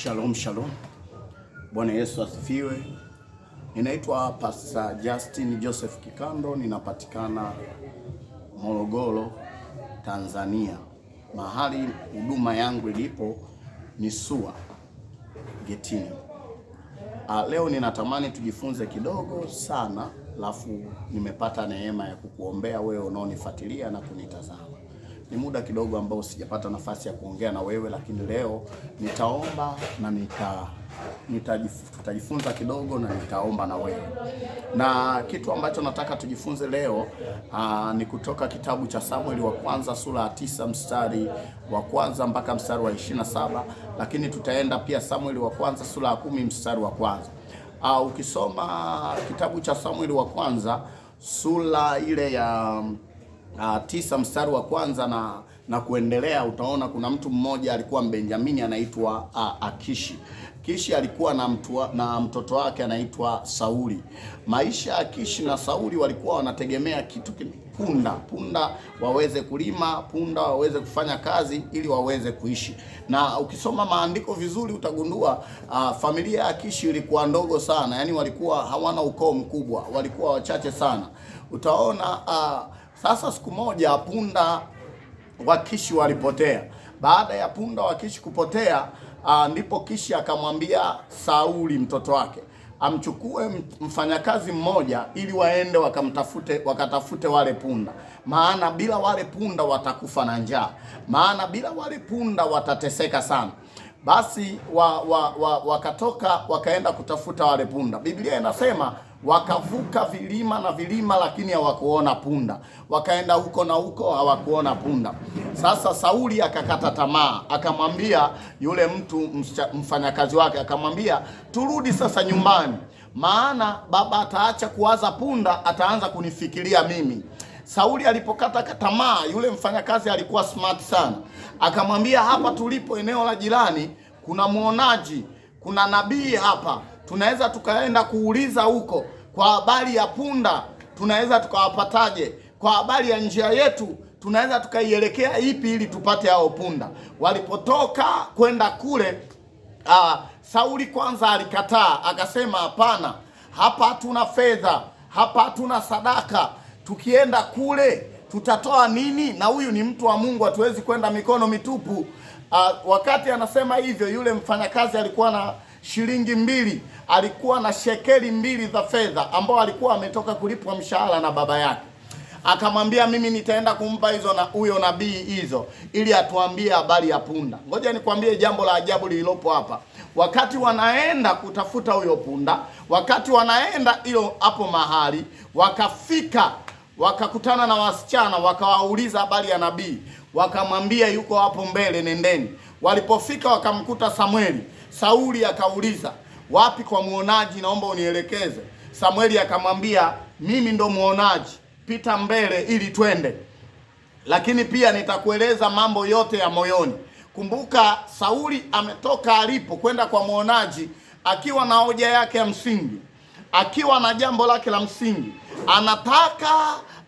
Shalom, shalom. Bwana Yesu asifiwe. Ninaitwa Pastor Justin Joseph Kikando, ninapatikana Morogoro, Tanzania. Mahali huduma yangu ilipo ni SUA Getini. Ah, leo ninatamani tujifunze kidogo sana, alafu nimepata neema ya kukuombea wewe unaonifuatilia na kunitazama ni muda kidogo ambao sijapata nafasi ya kuongea na wewe, lakini leo nitaomba na nita tutajifunza kidogo na nitaomba na wewe, na kitu ambacho nataka tujifunze leo aa, ah, ni kutoka kitabu cha Samueli wa kwanza sura ya tisa mstari wa kwanza mpaka mstari wa ishirini na saba lakini tutaenda pia Samueli wa kwanza sura ya kumi mstari wa kwanza. Aa, ah, ukisoma kitabu cha Samueli wa kwanza sura ile ya uh, tisa mstari wa kwanza na na kuendelea, utaona kuna mtu mmoja alikuwa Mbenjamini anaitwa uh, Akishi. Kishi alikuwa na, mtu na mtoto wake anaitwa Sauli. Maisha ya Kishi na Sauli walikuwa wanategemea kitu punda, punda waweze kulima, punda waweze kufanya kazi ili waweze kuishi. Na ukisoma maandiko vizuri utagundua uh, familia ya Kishi ilikuwa ndogo sana, yaani walikuwa hawana ukoo mkubwa, walikuwa wachache sana. Utaona uh, sasa siku moja punda wa Kishi walipotea. Baada ya punda wa Kishi kupotea, uh, ndipo Kishi akamwambia Sauli mtoto wake amchukue mfanyakazi mmoja ili waende wakamtafute wakatafute wale punda, maana bila wale punda watakufa na njaa, maana bila wale punda watateseka sana. Basi wa, wa, wa, wakatoka wakaenda kutafuta wale punda. Biblia inasema wakavuka vilima na vilima, lakini hawakuona punda, wakaenda huko na huko, hawakuona punda. Sasa Sauli akakata tamaa, akamwambia yule mtu mfanyakazi wake, akamwambia turudi sasa nyumbani, maana baba ataacha kuwaza punda, ataanza kunifikiria mimi. Sauli alipokata tamaa, yule mfanyakazi alikuwa smart sana, akamwambia hapa tulipo, eneo la jirani kuna mwonaji, kuna nabii hapa tunaweza tukaenda kuuliza huko kwa habari ya punda, tunaweza tukawapataje? Kwa habari ya njia yetu tunaweza tukaielekea ipi ili tupate hao punda. Walipotoka kwenda kule, uh, Sauli kwanza alikataa, akasema hapana, hapa hatuna fedha, hapa hatuna sadaka, tukienda kule tutatoa nini? Na huyu ni mtu wa Mungu, hatuwezi kwenda mikono mitupu. Uh, wakati anasema hivyo, yule mfanyakazi alikuwa na shilingi mbili, alikuwa na shekeli mbili za fedha ambao alikuwa ametoka kulipwa mshahara na baba yake. Akamwambia, mimi nitaenda kumpa hizo na huyo nabii hizo ili atuambie habari ya punda. Ngoja nikwambie jambo la ajabu lililopo hapa. Wakati wanaenda kutafuta huyo punda, wakati wanaenda hilo hapo mahali, wakafika wakakutana na wasichana, wakawauliza habari ya nabii, wakamwambia yuko hapo mbele, nendeni. Walipofika wakamkuta Samweli Sauli akauliza, wapi kwa mwonaji? Naomba unielekeze. Samueli akamwambia, mimi ndo muonaji pita mbele ili twende, lakini pia nitakueleza mambo yote ya moyoni. Kumbuka, Sauli ametoka alipo kwenda kwa mwonaji akiwa na hoja yake ya msingi, akiwa na jambo lake la msingi, anataka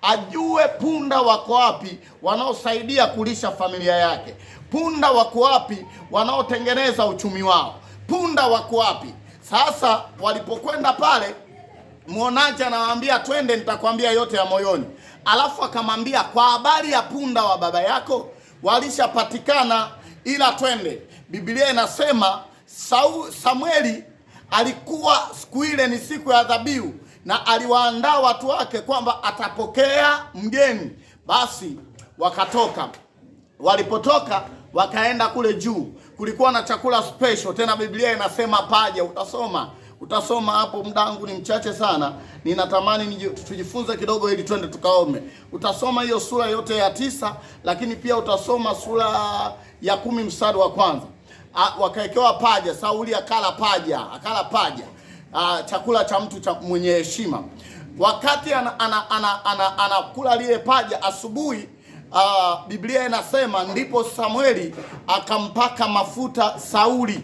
ajue punda wako wapi wanaosaidia kulisha familia yake. Punda wako wapi? Wanaotengeneza uchumi wao, punda wako wapi? Sasa walipokwenda pale, mwonaji anawaambia twende, nitakwambia yote ya moyoni. Alafu akamwambia kwa habari ya punda wa baba yako walishapatikana, ila twende. Biblia inasema samweli Samueli alikuwa siku ile ni siku ya dhabihu, na aliwaandaa watu wake kwamba atapokea mgeni. Basi wakatoka, walipotoka wakaenda kule juu, kulikuwa na chakula special. Tena Biblia inasema paja, utasoma utasoma hapo. Muda wangu ni mchache sana, ninatamani tujifunze kidogo ili twende tukaome. Utasoma hiyo sura yote ya tisa, lakini pia utasoma sura ya kumi mstari wa kwanza. wakaekewa paja, Sauli akala paja, akala paja, a, chakula cha mtu cha mwenye heshima. Wakati anakula ana, ana, ana, ana lile paja asubuhi Ah, Biblia inasema ndipo Samueli akampaka mafuta Sauli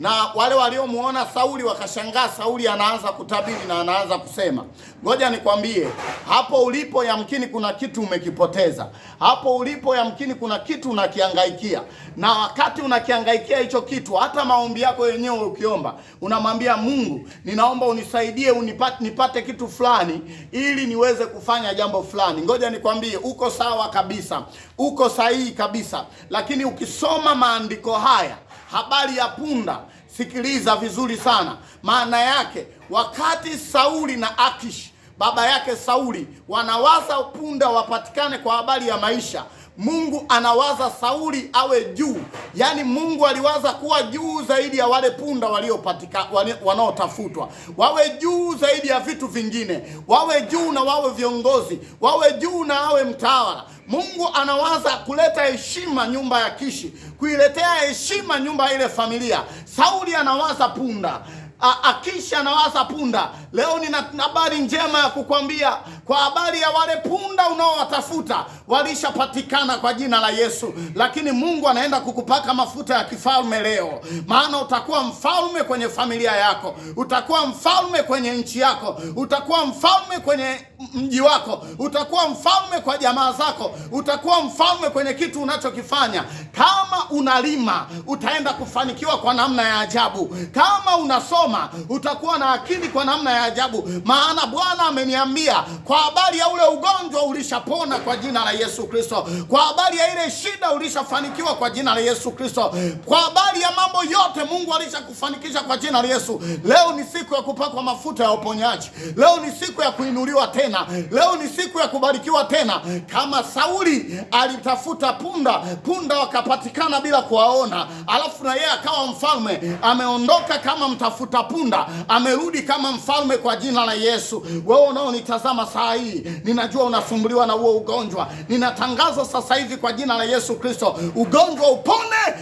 na wale waliomuona Sauli wakashangaa, Sauli anaanza kutabiri na anaanza kusema. Ngoja nikwambie, hapo ulipo yamkini kuna kitu umekipoteza. Hapo ulipo yamkini kuna kitu unakihangaikia, na wakati unakiangaikia hicho kitu, hata maombi yako yenyewe ukiomba, unamwambia Mungu, ninaomba unisaidie, unipate, nipate kitu fulani ili niweze kufanya jambo fulani. Ngoja nikwambie, uko sawa kabisa, uko sahihi kabisa, lakini ukisoma maandiko haya habari ya punda. Sikiliza vizuri sana, maana yake wakati Sauli na Akish baba yake Sauli wanawaza punda wapatikane kwa habari ya maisha Mungu anawaza Sauli awe juu, yaani Mungu aliwaza kuwa juu zaidi ya wale punda waliopatika wanaotafutwa, wawe juu zaidi ya vitu vingine, wawe juu na wawe viongozi, wawe juu na awe mtawala. Mungu anawaza kuleta heshima nyumba ya Kishi, kuiletea heshima nyumba ile familia. Sauli anawaza punda akisha anawaza punda. Leo nina habari njema ya kukwambia, kwa habari ya wale punda unaowatafuta walishapatikana kwa jina la Yesu. Lakini Mungu anaenda kukupaka mafuta ya kifalme leo, maana utakuwa mfalme kwenye familia yako, utakuwa mfalme kwenye nchi yako, utakuwa mfalme kwenye mji wako, utakuwa mfalme kwa jamaa zako, utakuwa mfalme kwenye kitu unachokifanya kama unalima utaenda kufanikiwa kwa namna ya ajabu. Kama unasoma utakuwa na akili kwa namna ya ajabu, maana Bwana ameniambia kwa habari ya ule ugonjwa ulishapona kwa jina la Yesu Kristo, kwa habari ya ile shida ulishafanikiwa kwa jina la Yesu Kristo, kwa habari ya mambo yote Mungu alishakufanikisha kwa jina la Yesu. Leo ni siku ya kupakwa mafuta ya uponyaji, leo ni siku ya kuinuliwa tena, leo ni siku ya kubarikiwa tena. Kama Sauli alitafuta punda, punda wakapatikana bila kuwaona, alafu na yeye akawa mfalme, ameondoka kama mtafuta punda, amerudi kama mfalme kwa jina la Yesu. Wewe unaonitazama saa hii, ninajua unasumbuliwa na huo ugonjwa. Ninatangaza sasa hivi kwa jina la Yesu Kristo, ugonjwa upone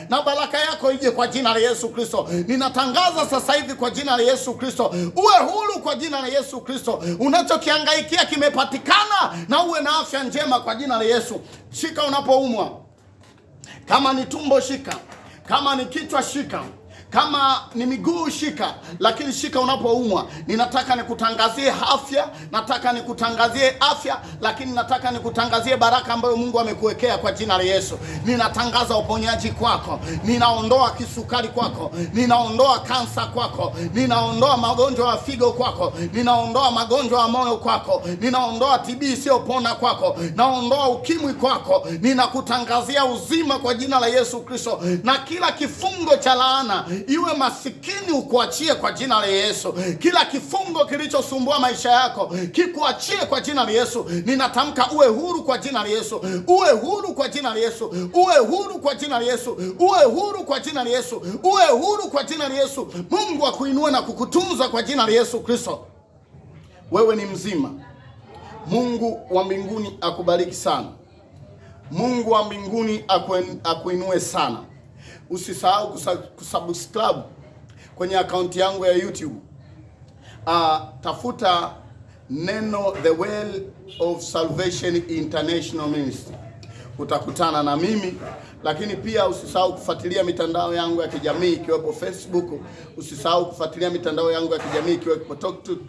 na baraka yako ije kwa jina la Yesu Kristo. Ninatangaza sasa hivi kwa jina la Yesu Kristo, uwe huru kwa jina la Yesu Kristo. Unachokiangaikia kimepatikana, na uwe na afya njema kwa jina la Yesu. Shika unapoumwa kama ni tumbo shika, kama ni kichwa shika. Kama ni miguu shika, lakini shika unapoumwa. Ninataka nikutangazie afya, nataka nikutangazie afya, lakini nataka nikutangazie baraka ambayo Mungu amekuwekea kwa jina la Yesu. Ninatangaza uponyaji kwako, ninaondoa kisukari kwako, ninaondoa kansa kwako, ninaondoa magonjwa ya figo kwako, ninaondoa magonjwa ya moyo kwako, ninaondoa TB isiyopona kwako, naondoa ukimwi kwako, ninakutangazia uzima kwa jina la Yesu Kristo, na kila kifungo cha laana iwe masikini, ukuachie kwa jina la Yesu. Kila kifungo kilichosumbua maisha yako kikuachie kwa jina la Yesu. Ninatamka uwe huru kwa jina la Yesu, uwe huru kwa jina la Yesu, uwe huru kwa jina la Yesu, uwe huru kwa jina la Yesu, uwe huru kwa jina la Yesu. Mungu akuinue na kukutunza kwa jina la Yesu Kristo. Wewe ni mzima. Mungu wa mbinguni akubariki sana. Mungu wa mbinguni akuinue sana. Usisahau kusubscribe kwenye akaunti yangu ya YouTube. Uh, tafuta neno The Well of Salvation International Ministry, utakutana na mimi. Lakini pia usisahau kufuatilia mitandao yangu ya kijamii ikiwepo Facebook. Usisahau kufuatilia mitandao yangu ya kijamii ikiwepo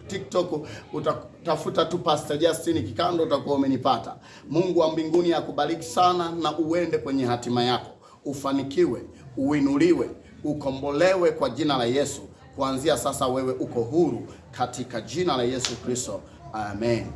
TikTok. Utatafuta tu Pastor Justin Kikando, utakuwa umenipata. Mungu wa mbinguni akubariki sana na uende kwenye hatima yako ufanikiwe, uinuliwe, ukombolewe kwa jina la Yesu. Kuanzia sasa wewe uko huru katika jina la Yesu Kristo. Amen.